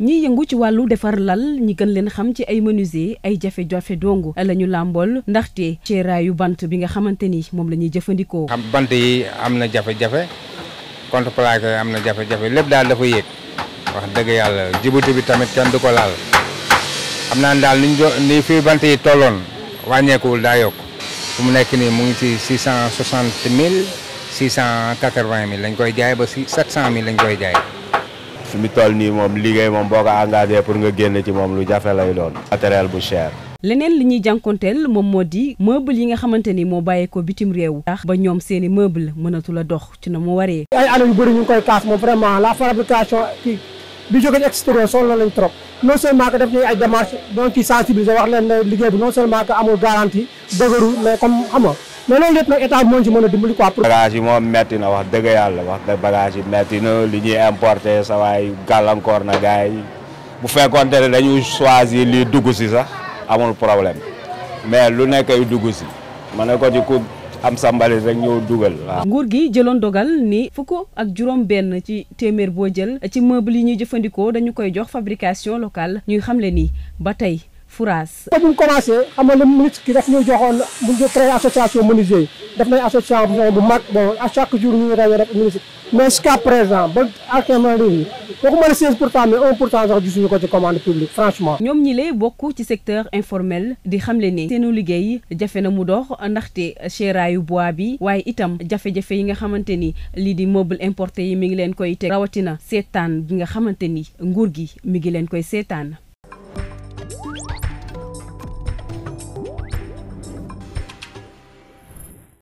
ñiy yëngu ci wàllu defar lal ñi gën leen xam ci ay menuisier ay jafe-jafe dong la ñu làmbool ndaxte ceeraayu bant bi nga xamante ni moom la ñuy jëfandikoo. xam bant yi am na jafe-jafe contreplaqué am na jafe-jafe lépp daal dafa yéeg wax dëgg yàlla jibuti bi tamit kenn du ko laal xam naa daal ni ñu bant yi tolloon wàññeekuwul daa yokk fu mu nekk nii mu ngi ci six cent soixante mille. six koy jaay ba si sept cent mille lañ koy jaay. fi mu toll nii moom liggéey moom boo ko engagé pour nga génn ci moom lu jafe lay doon. matériel bu cher. leneen li ñuy jànkonteel moom moo di meuble yi nga xamante ni moo bàyyeekoo bitim réew. ba ñoom seen i meuble mënatu dox ci na mu waree. ay anam yu bëri ñu koy kaas moom vraiment la fabrication kii bi jóge extérieur sonal lañ trop non seulement que def nañ ay démarches donc ci sensibiliser wax leen mais loolu lépp état moom moo ci a dimbali quoi. bagage yi moom metti na wax dëgg yàlla wax dëgg bagage yi metti na li ñuy importer sa waay gàllankoor na gars bu fekkoonte ne dañuy choisir lii dugg si sax amul problème mais lu nekk ay dugg si ma ne ko ci ku am sa mbalit rek ñëw dugal waaw. nguur gi jëloon dogal ni fukk ak juróom benn ci téeméer boo jël ci meuble yi ñuy jëfandikoo dañu koy jox fabrication locale ñuy xamle ni ba tey. Fouras. bu mu commencé xam nga le ministre ki daf ñu joxoon mu ñu créé association menuisier yi def nañ association bu mag bon à chaque jour ñu ngi réunion rek ministre mais jusqu'à présent ba ak léegi waxuma pour cent mais 1 pour cent ko ci commande publique franchement. ñoom ñi lay bokk ci secteur informel di xamle ni seenu liggéey jafe na mu dox ndaxte seeraayu bois bi waaye itam jafe-jafe yi nga xamante ni lii di meuble importé yi mi ngi leen koy teg rawatina seetaan gi nga xamante ni nguur gi mi ngi leen koy seetaan.